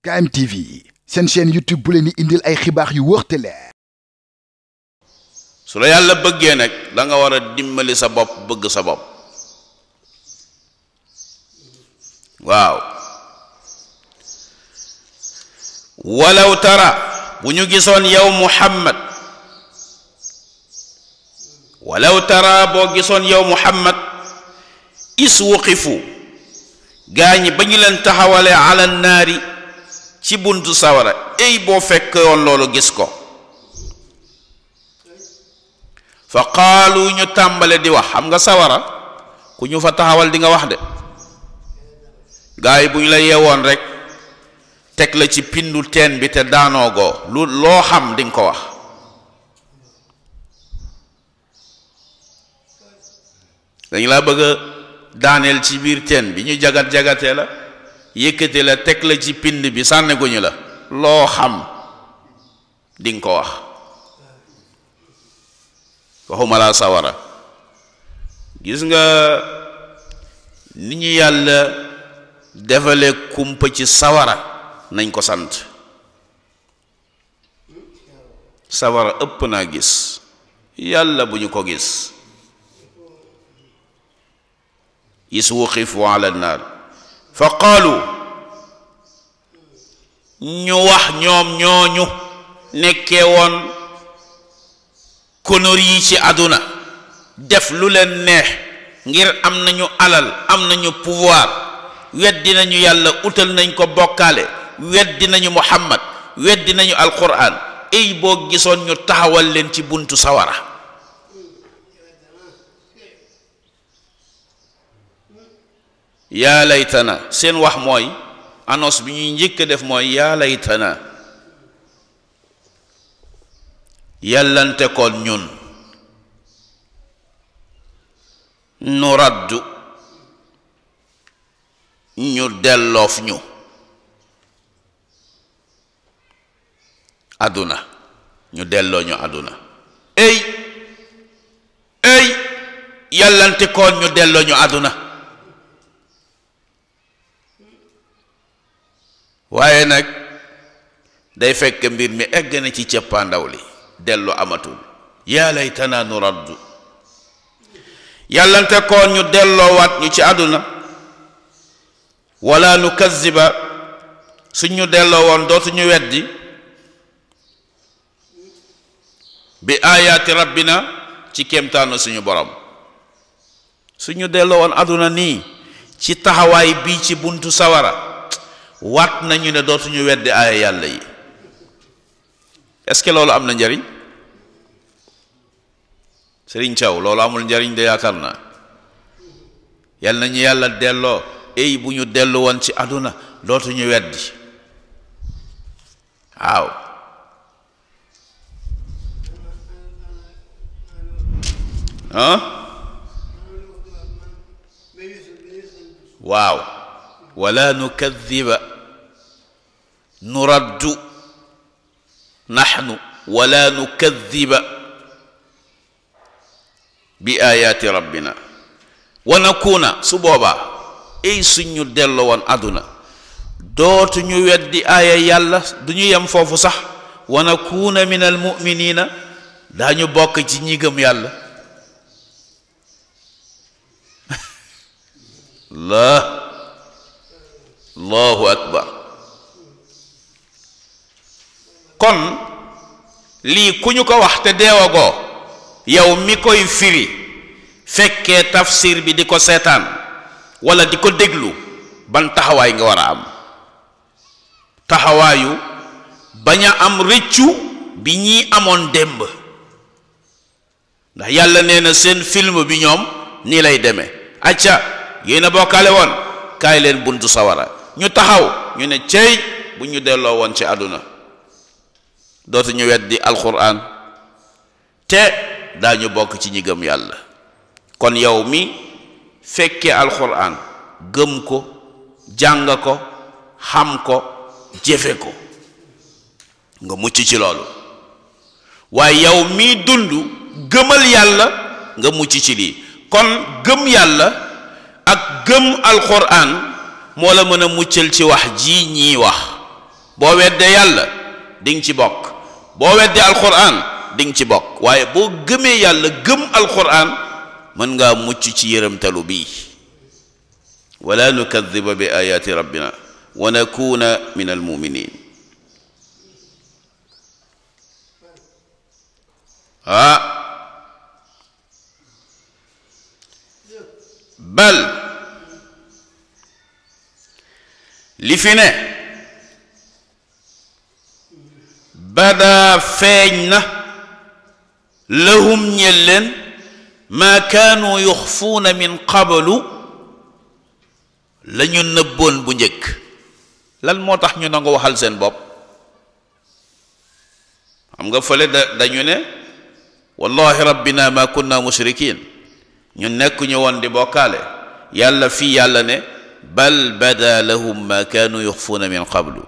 KMTV seen chaîne YouTube bu leen indil ay xibaar yu wóor te su la yàlla bëggee nag danga nga war a dimbali sa bopp bëgg sa bopp waaw walaw tara bu ñu gisoon yow Muhammad walaw tara boo gisoon yow Muhammad is wuqifu gaañ ba ñu leen taxawale ala naari ci buntu sawara ey boo fekkoon loolu gis ko fa qaalu ñu tàmbale di wax xam nga sawara ku ñu fa taxawal dinga wax de gaay yi bu ñu la yeewoon rek teg la ci pindu teen bi te daanoo goo lu loo xam di ko wax dañ laa bëgg daaneel ci biir teen bi ñu jagat jagatee la yëkkati la teg la ci pind bi sànni ko ñu la loo xam di nga ko wax waxuma laa sawara gis nga ni ñu yàlla defale kumpa ci sawara nañ ko sant sawara ëpp naa gis yàlla bu ñu ko gis is wuqifu ala naar fa qaalu ñu wax ñoom ñooñu nekke woon konor yi ci àdduna def lu leen neex ngir am nañu alal am nañu pouvoir weddi nañu yàlla utal nañ ko bokkaale weddi nañu muhammad weddi nañu alquran ay boo gisoon ñu taxawal leen ci buntu sawara yaa laytana seen wax mooy anoos bi ñuy njëkk def mooy yaa laytana yàllante koon ñun nu raddu ñu delloof ñu àdduna ñu delloo ñu àdduna ey ey yàllante koon ñu delloo ñu àdduna waaye nag day fekk mbir mi egg na ci cëppaandaw li dellu amatul yaa laytanaa nu raddu yàllante koon ñu delloowaat ñu ci àdduna wala nu kaziba suñ delloo woon dootuñu weddi bi aayaati rabbina ci kéemtaanu suñu borom suñu delloo woon àdduna nii ci taxawaay bii ci buntu sawara waat nañu ne dootuñu weddi aaya yàlla yi est-ce que loolu am na njariñ sëriñ Thiaw loolu amul njariñ de yaakaar naa yal nañu yàlla delloo ey bu ñu dellu woon ci àdduna dootuñu weddi waaw waaw wala nukadiba nuraddu naxnu wala nukadiba bi ayaati rabbina wa nakuuna su boobaa ay suñu delloo woon àdduna dootu ñu weddi aaya yàlla du ñu yem foofu sax wa nakuuna min almuminina daañu bokk ci ñi gëm yàlla allah allahu akbar kon lii ku ñu ko wax te deewagoo yow mi koy firi fekkee tafsiir bi di ko seetaan wala di ko déglu ban taxawaay nga war a am taxawaayu bañ a am rëccu bi ñii amoon démb ndax yàlla nee na seen film bi ñoom nii lay demee acca yéen a bokkaale woon kaay leen buntu sawara ñu taxaw ñu ne cey bu ñu delloo woon ci àdduna dootuñu weddi alquran te daañu bokk ci ñi gëm yàlla kon yow mi fekkee alquran gëm ko jàng ko xam ko jëfe ko nga mucc ci loolu waaye yow mii dund gëmal yàlla nga mucc ci lii kon gëm yàlla ak gëm alquran moo la mën a muccal ci wax ji ñii wax boo wedde yàlla dinga ci bokk boo weddee alquran di ci bokk waaye boo gëmee yàlla gëm alquran mën ngaa mucc ci yërëmtalu bii wala nukadiba bi ayaati rabbina wa nakuna min almuminin ah. bal li fi ne badaa feeñ na lahum ñel leen maa kaanu yuxfuuna min qablu la ñu nëbboon bu njëkk lan moo tax ñu nangu waxal seen bopp xam nga fële da dañu ne wallahi rabbina ma kunna mushrikin ñu nekk ñu woon di bokkaale yàlla fii yàlla ne bal bada lahum ma kaanu yuxfuuna min qablu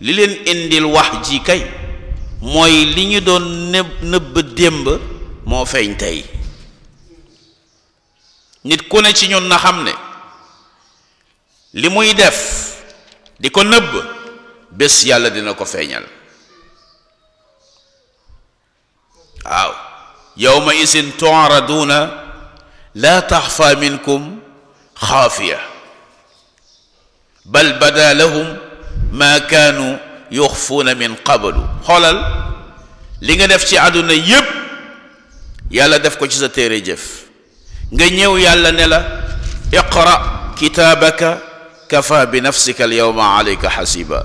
li leen indil wax ji kay mooy li ñu doon nëb nëbb démb moo feeñ tey nit ku ne ci ñun na xam ne li muy def di ko nëbb bés yàlla dina ko feeñal aw yawma isin tuaraduuna laa taxfa minkum xaafiya bal bada lahum ma kaanu yuxfuuna min qablu xoolal li nga def ci àdduna yépp yàlla def ko ci sa téere jëf nga ñëw yàlla ne la iqra kitaabaka kafa bi nafsika al yawma alayka xasiba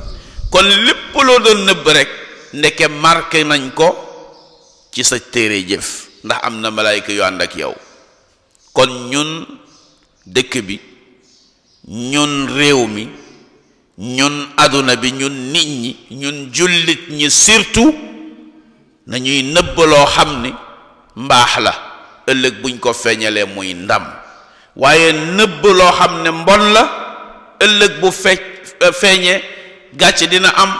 kon lépp loo doon nëbb rek ndeke marqué nañ ko ci sa téere jëf ndax am na malaayka yu ànd ak yow kon ñun dëkk bi ñun réew mi ñun àdduna bi ñun nit ñi ñun jullit ñi surtout nañuy nëbbaloo xam ni mbaax la ëllëg buñ ko feeñalee muy ndam waaye nëbbaloo xam ne mbon la ëllëg bu fe euh, feeñee gàcc dina am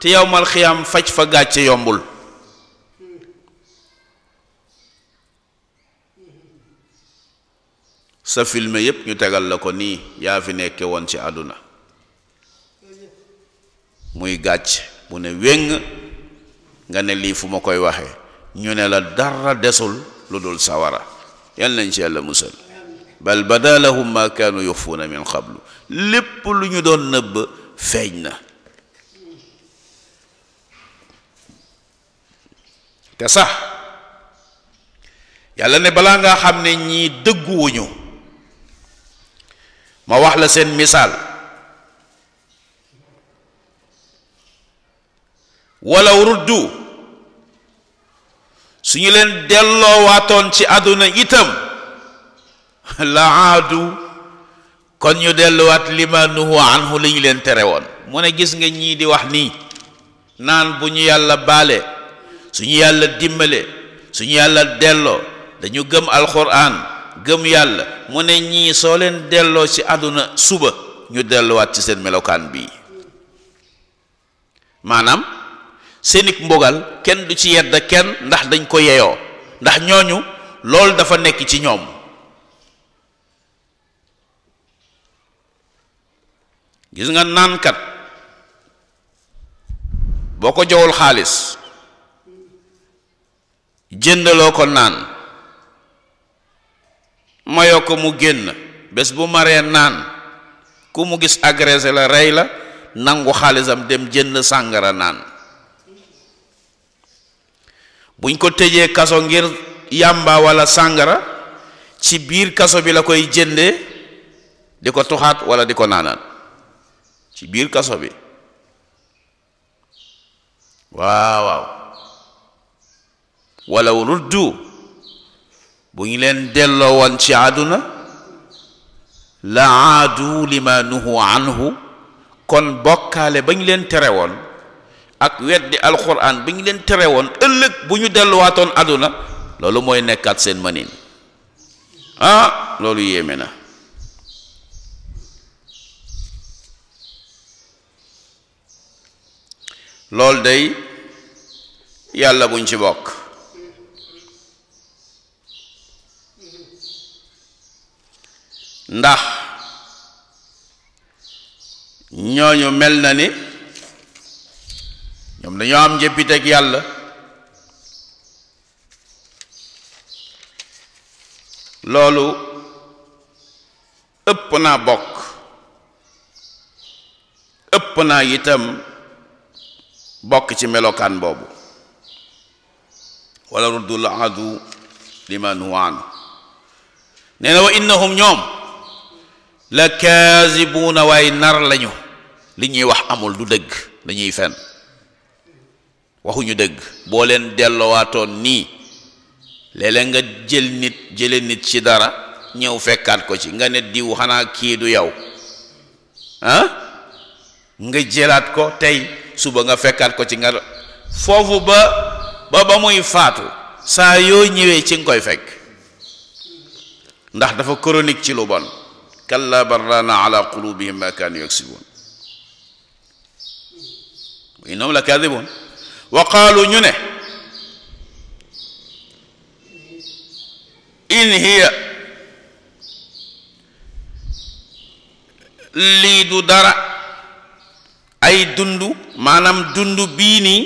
te yowmal xiyaam faj fa gàcce yombul sa film yépp ñu tegal la ko nii yaa fi nekke woon ci àdduna muy gàcc bu ne weng nga ne lii fu ma koy waxe ñu ne la dara desul lu dul sawara yal nañ ci yàlla musal bal bada ma kaanu yuxfuuna min qablu lépp lu ñu doon nëbb feeñ na te sax yàlla ne balaa nga xam ne ñii dëgguwuñu ma wax la seen misaal walaw ruddu su ñu leen delloowaatoon ci àdduna itam la aadu kon ñu delluwaat lima nuhu anhu li leen tere woon mu ne gis nga ñii di wax nii naan bu ñu yàlla baale suñu yàlla dimbale suñu yàlla delloo dañu gëm alquran gëm yàlla mu ne ñii soo leen delloo ci àdduna suba ñu delluwaat ci seen melokaan bii senik mbugal kenn du ci yedd kenn ndax dañ ko yeyoo ndax ñooñu loolu dafa nekk ci ñoom gis nga naankat boo ko jowul xaalis jëndaloo ko naan mayoo ko mu génn bés bu maree naan ku mu gis agressé la rey la nangu xaalisam dem jënd sàngara naan buñ ko tëjee kaso ngir yàmba walla sàngara ci biir kaso bi la koy jënde di ko tuxaat wala di ko naanaat ci biir kaso bi waaw waaw walaw ruddu bu ñu leen delloo woon ci àdduna la aadu lima nuhu anhu kon bokkaale ba ñu leen tere woon ak weddi alquran bi ñu leen tere woon ëllëg bu ñu delluwaatoon àdduna loolu mooy nekkaat seen manin ah loolu yéeme na loolu dey yàlla buñ ci bokk ndax ñooñu mel na ni ñoom dañoo am njëppiteeg yàlla loolu ëpp naa bokk ëpp naa itam bokk ci melokaan boobu wala ruddul adu liman huwa an nee na wa innahum ñoom la kaasibuuna waaye nar lañu li ñuy wax amul du dëgg dañuy fenn waxuñu dëgg boo leen delloowaatoon nii léeg nga jël nit jële nit ci dara ñëw fekkaat ko ci nga ne diw xanaa kii du yow nga jëlaat ko tey suba nga fekkaat ko ci nga foofu ba ba muy faatu saa yoo ñëwee ci nga koy fekk ndax dafa koronik ci lu bon kalla barrana ala qulubihim ma kaanu yaksibuun wa innahum la kaadibuun wa qaalu ñu ne in hiya lii du dara ay dund maanaam dundu bii nii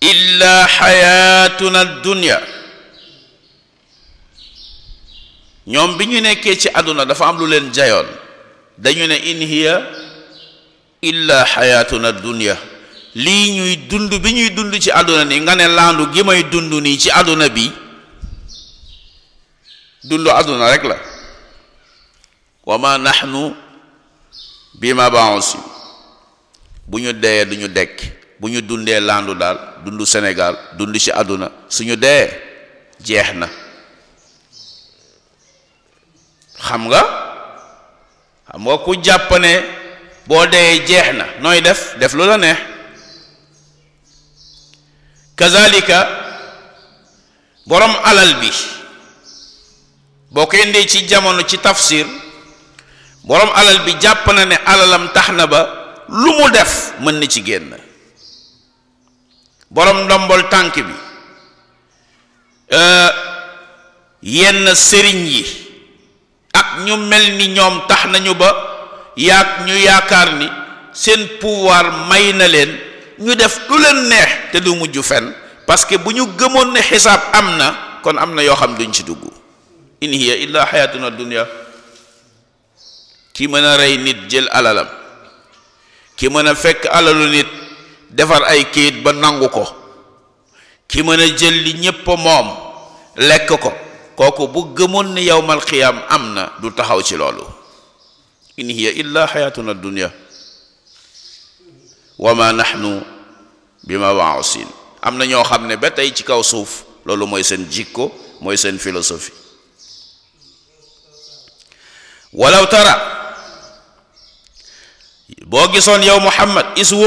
illaa xayaatuna dunya ñoom bi ñu nekkee ci àdduna dafa am lu leen jayoon dañu ne in hiya illa xayaatuna dunya lii ñuy dund bi ñuy dund ci àdduna ni nga ne laandu gi dund nii ci àdduna bi dund àdduna rek la wa ma nahnu bi ma baansi bu ñu dee du dekk bu ñu dundee laandu daal dund Sénégal dund ci àdduna suñu dee jeex na xam nga xam nga ku jàpp boo dee jeex na nooy def def lu la neex kazalika boroom alal bi boo ko indee ci jamono ci tafsir boroom alal bi jàpp na ne alalam tax na ba lu mu def mën na ci génn boroom ndombol tànk bi euh, yenn sëriñ yi ak ñu mel ni ñoom tax nañu ba yaag ñu yaakaar ni seen pouvoir may na leen ñu def lu leen neex te du mujj fenn parce que bu ñu gëmoon ne xisaab am na kon am na yoo xam duñ ci dugg in hiya illa xayatuna dunya ki mën a rey nit jël alalam ki mën a fekk alalu nit defar ay kayit ba nangu ko ki mën a jël li ñépp moom lekk ko kooku bu gëmoon ni yowmal xiyaam am na du taxaw ci loolu in hiya illa xayatuna dunia wa ma nahnu bi ma waasin am na ñoo xam ne ba tey ci kaw suuf loolu mooy seen jikko mooy seen philosophie tara boo gisoon yow muhammad is mu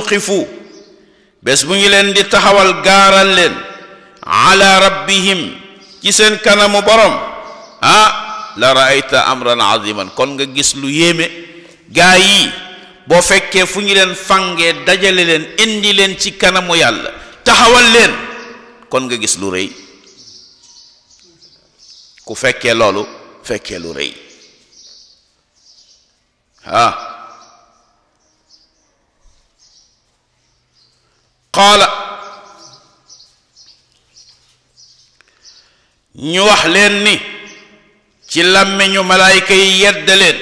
bés bu ñu leen di taxawal gaaral leen ala rabbihim ci seen kanamu borom ah la raayta amran aziman kon nga gis lu yéeme gaa yi boo fekkee fu ñu leen fangee dajale leen indi leen ci kanamu yàlla taxawal leen kon nga gis lu rëy ku fekkee loolu fekkee lu rëy ah qaala ñu wax leen ni ci làmmiñu malaayka yi yedd leen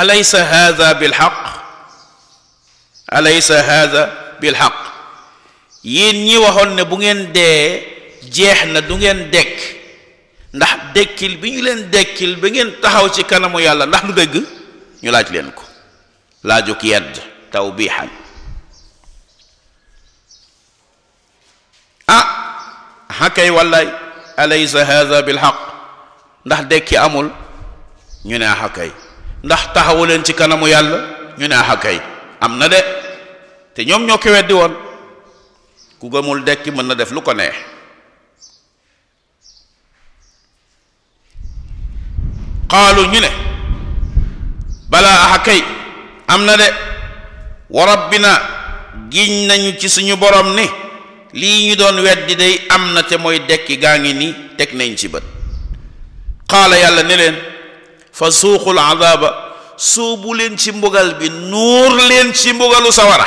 alaysa haada bilxaq alaysa haada bilxaq yéen ñi waxoon ne bu ngeen dee jeex na du ngeen dekk ndax dekkil bi ñu leen dekkil ba ngeen taxaw ci kanamu yàlla ndax mu dëgg ñu laaj leen ko laajuk yedd tawbiixan ah xakay wallaay alaysa haada bilxaq ndax dekki amul ñu ne axa ah, kay ndax taxawu leen ci kanamu yàlla ñu ne axa ah, kay am na de te ñoom ñoo ko weddi woon ku gëmul dekki mën na def lu ko neex qaalu ñu ne balaa axa ah, kay am na de wa na giñ nañu ci suñu borom ni lii ñu doon weddi day am na te mooy dekki gaa ngi nii teg nañ ci bët qaala yàlla ne leen fa suuqul azaaba suubu leen ci mbugal bi nuur leen ci mbugalu sawara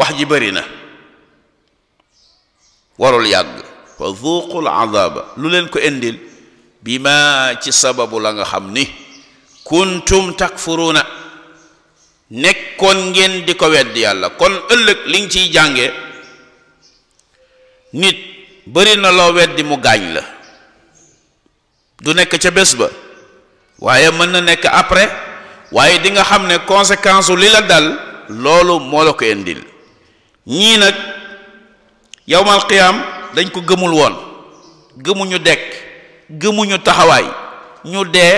wax ji bëri na warul yàgg fa zuuqul azaaba lu leen ko indil bi ma ci sababu la nga xam ni kuntum takfuruuna nekkoon ngeen di ko wedd yàlla kon ëllëg li ciy jànge nit bëri na loo weddi mu gaañ la du nekk ca bés ba waaye mën na nekk après waaye dinga xam ne conséquence li la dal loolu moo la ko indil ñii nag yowmal qiyaam dañ ko gëmul woon gëmuñu dekk gëmuñu taxawaay ñu dee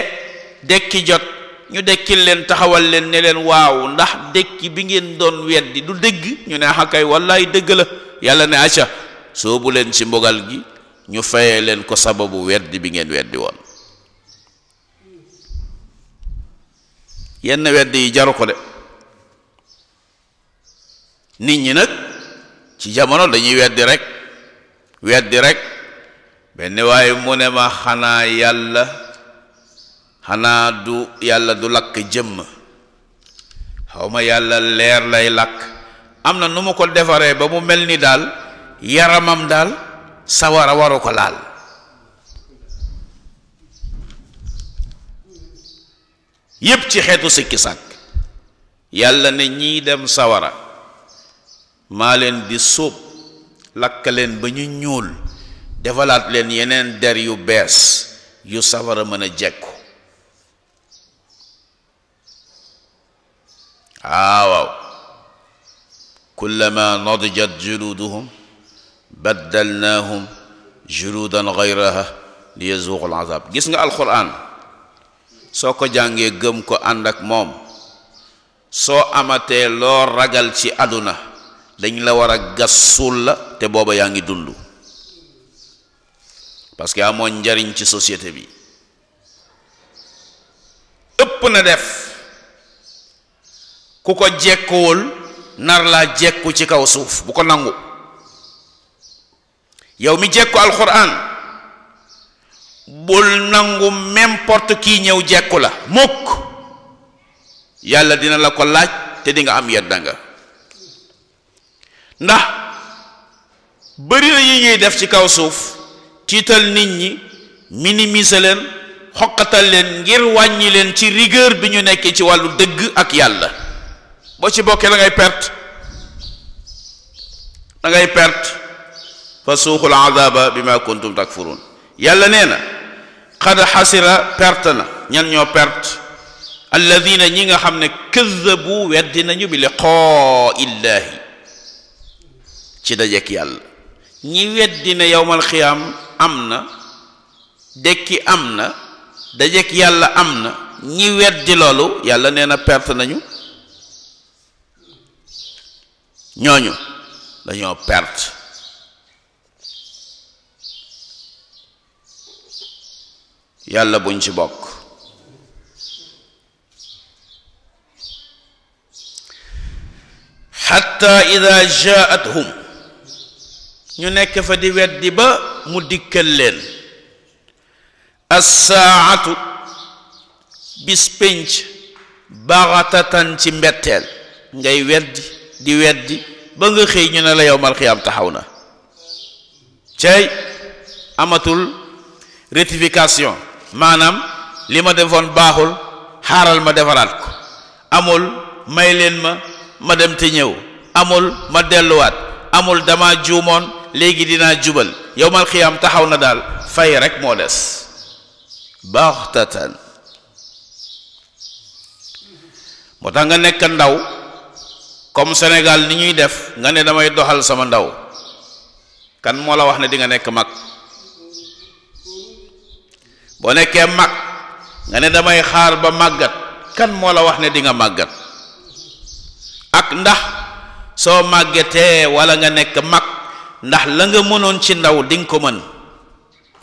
dekki jot ñu dekkil leen taxawal leen ne leen waaw ndax dekki bi ngeen doon weddi du dëgg ñu ne xakay wallaay dëgg la yàlla ne acca soobu leen ci mbogal gi ñu fayee leen ko sababu weddi bi ngeen weddi woon yenn weddi yi jaru ko de nit ñi nag ci jamono dañuy weddi rek weddi rek benn waaye mu ne ma xanaa yàlla xanaa du yàlla du lakk jëmm xaw ma yàlla leer lay lakk am na nu mu ko defaree ba mu mel ni daal yaramam daal sawara waru ko laal yépp ci xeetu sikki sàkk yàlla na ñii dem sawara maa leen di sóob lakk leen ba ñu ñuul defalaat leen yeneen der yu bees yu sawara mën a jekku waaw kullama nadjat juluduhum baddalnaahum juludan gayraha li yazuuqu azab gis nga alquran soo ko jàngee gëm ko ànd ak moom soo amatee loo ragal ci àdduna dañ la war a gas suul la te booba yaa ngi dund parce que amoon njariñ ci société bi ëpp na def ku ko jekkuwul nar laa jekku ci kaw suuf bu ko nangu yow mi jekku alquran bul nangu n'importe kii ñëw jekku la mukk yàlla dina la ko laaj te dinga am yedda nga ndax bëri yi ñuy def ci kaw suuf tiital nit ñi minimiser leen xoqatal leen ngir wàññi leen ci rigueur bi ñu nekkee ci wàllu dëgg ak yàlla boo ci bokkee da ngay perte da perte fa suuqul azaba bi ma kuntum takfuruun yàlla nee na xad xasira perte na ñan ñoo perte alladina ñi nga xam ne këzabu weddi nañu bi ci dajek yàlla ñi weddi ne yowmal xiyaam am na dekki am na dajek yàlla am na ñi weddi loolu yàlla nee na perte nañu ñooñu dañoo perte yàlla buñ ci bokk xatta ida jaathum ñu nekk fa di weddi ba mu dikkal leen assaatu bis pénc baxatatan ci mbetteel ngay weddi di weddi ba nga xëy ñu ne la yowmal xiyaam taxaw na cey amatul rectification maanaam li ma defoon baaxul xaaral ma defaraat ko amul may leen ma ma dem te ñëw amul ma delluwaat amul dama juumoon léegi dinaa jubal yowmal xiyaam taxaw na daal fay rek moo des baax baxtatan moo tax nga nekk ndaw comme senegal ni ñuy def nga ne damay doxal sama ndaw kan moo la wax ne di nga nekk mag boo nekkee mag nga ne damay xaar ba màggat kan moo la wax ne di nga màggat ak ndax soo màggatee walla nga nekk mag ndax la nga mënoon ci ndaw dinga ko mën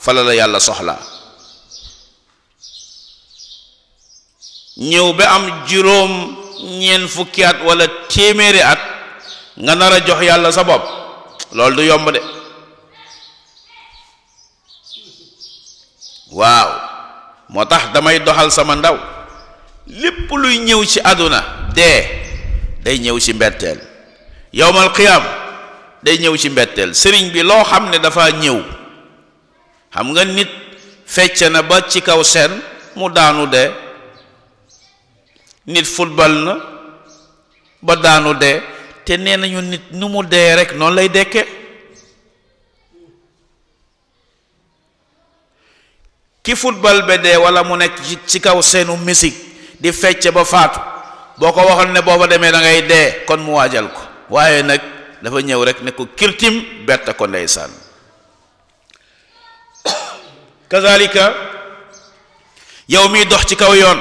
fala yàlla soxlaa ñëw bi am juróom ñeent fukki at walla téeméeri at nga nar a jox yàlla sa bopp du yomb de waaw moo tax damay doxal sama ndaw lépp luy ñëw ci àdduna dee day ñëw ci mbetteel yowmal qiyaam day ñëw ci mbetteel sëriñ bi loo xam ne dafa ñëw xam nga nit fecc na ba ci kaw seen mu daanu dee nit futbal na ba daanu dee te nee nañu nit nu mu dee rek noonu lay dekke ki football ba dee wala mu nekk ci kaw seenu musique di fecc ba faatu boo ko waxal ne boo booba demee da ngay dee kon mu waajal ko waaye nag dafa ñëw rekk ne ko kirtim bett ko ndeysaan kazalika yow mi dox ci kaw yoon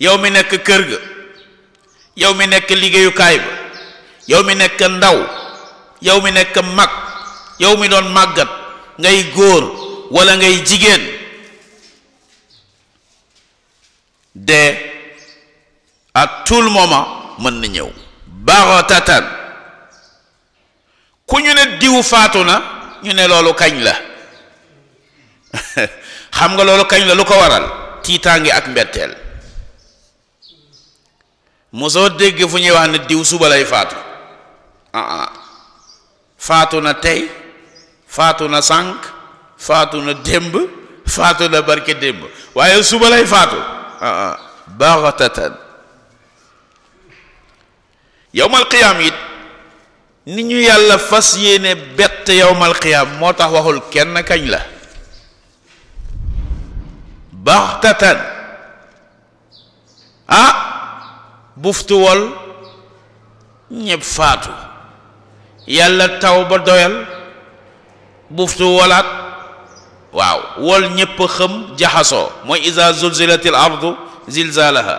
yow mi nekk kër ga yow mi nekk liggéeyukaay ba yow mi nekk ndaw yow mi nekk mag yow mi doon màggat ngay góor wala ngay jigéen de ak tout le mën na ñëw baxatatan ku ñu ne diw faatu na ñu ne loolu kañ la xam nga loolu kañ la lu ko waral tiitaange ak mbetteel mosoo dégg fu ñuy wax ne diw suba lay faatu ah ah faatu na tey faatu na sànq faatu na démb faatu na barke démb waaye suba lay faatu aa ah, ah. yowmal qiyaam it ni ñu yàlla fas yéene bett yowmal qiyaam moo tax waxul kenn kañ la baxtatan ah buftu wol ñëpp faatu yàlla taw ba doyal buftu wolaat waaw wol ñépp xëm jaxasoo mooy iza zulzilatil ardu zilzalaha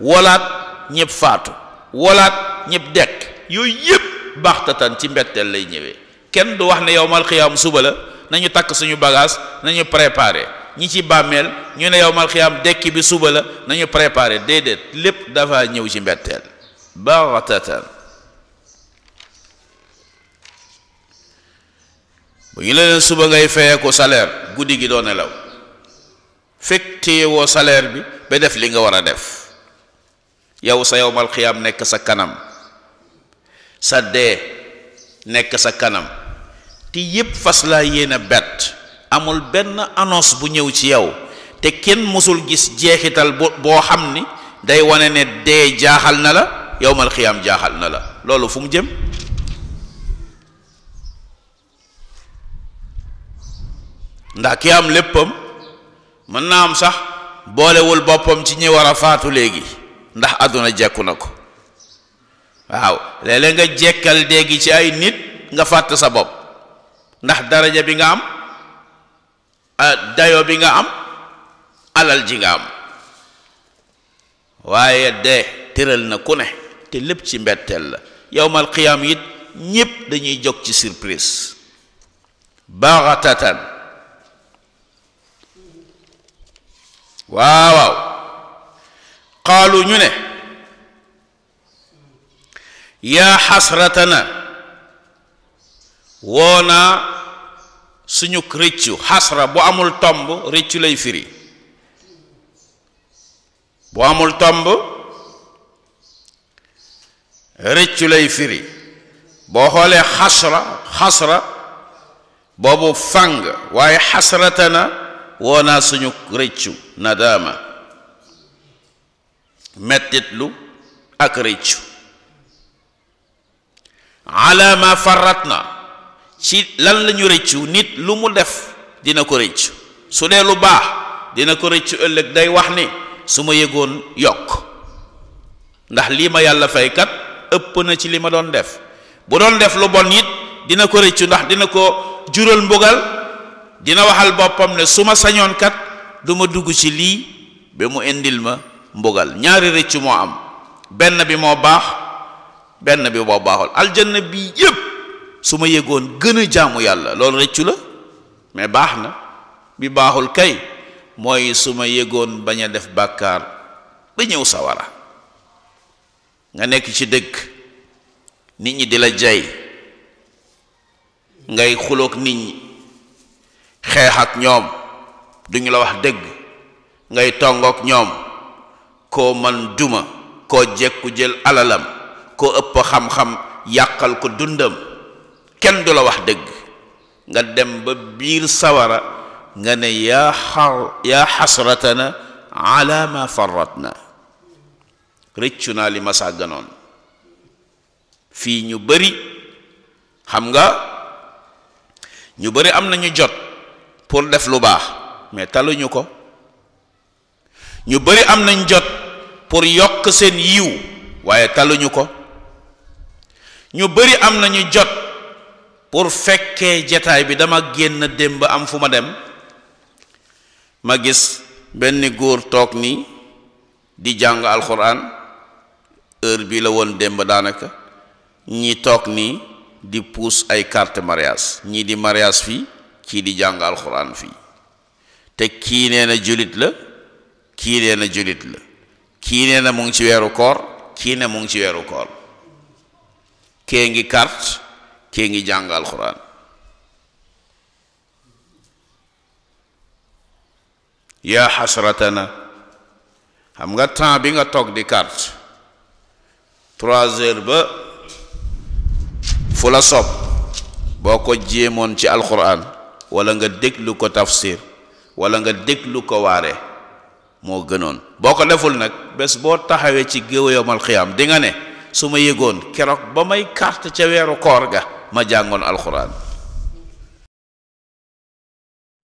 wolaat ñëpp faatu wolaat ñëpp dekk yooyu yëpp baxtatan ci mbetteel lay ñëwee kenn du wax ne yowmal xiyaam suba la nañu takk suñu bagage nañu préparé ñi ci bàmmeel ñu ne yowmal xiyaam dekk bi suba la nañu préparé déedéet lépp dafa ñëw ci mbetteel baxtatan bu ñu leen suba ngay fayeeku salaire guddi gi doo nelaw fekk téye saleer bi ba def li nga war a def yow sa yowmal xiyaam nekk sa kanam sa dee nekk sa kanam te yépp fas laa yéen a bett amul benn annonce bu ñëw ci yow te kenn mësul gis jeexital boo xam ni day wane ne dee jaaxal na la yowmal xiyaam jaaxal na la loolu fu mu jëm ndax ki am léppam mën naa am sax boolewul boppam ci ñi war a faatu léegi ndax àdduna jekku na ko waaw léeg nga jekkal déegi ci ay nit nga fàtt sa bopp ndax daraja bi nga am dayo bi nga am alal ji nga am waaye de tëral na ku ne te lépp ci mbetteel la yowmal qiyaam it ñépp dañuy jog ci surprise baaxatatan waaw waaw qaalu ñu ne yaa xasratana woonaa suñu rëccu xasra bu amul tomb rëccu lay firi bu amul tomb rëccu lay firi boo xoolee xasra xasra boobu fàng waaye xasratana woo naa suñu rëccu nadaama mettitlu ak rëccu ala ma farat na ci lan lañu ñu rëccu nit lu mu def dina ko rëccu su dee lu baax dina ko rëccu ëllëg day wax ni su ma yëgoon yokk ndax lii ma yàlla faykat ëpp na ci li ma doon def bu doon def lu bon it dina ko rëccu ndax dina ko jural mbugal dina waxal boppam ne su ma sañoon kat du dugg ci lii ba mu indil ma mbugal ñaari rëcc moo am benn bi moo baax benn bi moo baaxul aljanna bi yépp su ma yëgoon gën a jaamu yàlla lool rëccu la mais baax na bi baaxul kay mooy su ma yëgoon bañ a def bàkkaar ba ñëw sawara nga nekk ci dëkk nit ñi di la jay ngay xuloog nit ñi xeex ak ñoom duñu la wax dëgg ngay tongook ñoom koo man duma koo jekku jël alalam koo ëpp xam-xam yàqal ko dundam kenn du la wax dëgg nga dem ba biir sawara nga ne yaa xar yaa xasratana ala ma faratna rëccu naa li ma sàgganoon fii ñu bari xam nga ñu bari am na ñu jot pour def lu baax mais taluñu ko ñu bari am nañ jot pour yokk seen yiw waaye taluñu ko ñu bari am nañu jot pour fekkee jataay bi dama génn démb am fu ma dem ma gis benn góor toog nii di jàng alxuraan heure bi la woon démb daanaka ñi toog nii di puus ay carte mariage ñii di mariage fii kii di jàng alxuraan fii te kii nee na julit la kii nee na julit la kii nee na mu ngi ci weeru koor kii ne mu ngi ci weeru koor kee ngi carte kee ngi jàng alxuraan yaa xasratana xam nga temps bi nga toog di carte trois heures ba fu la sob boo ko jéemoon ci alxuraan wala nga déglu ko tafsir walla nga déglu ko waare moo gënoon boo ko deful nag bés boo taxawee ci géew yawmal xiyaam di ne su ma yégoon keroog ba may carte ca weeru koor ga ma jàngoon alxuraan.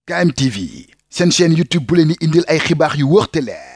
KMTV seen chaîne YouTube bu leen di indil ay xibaar yu wóor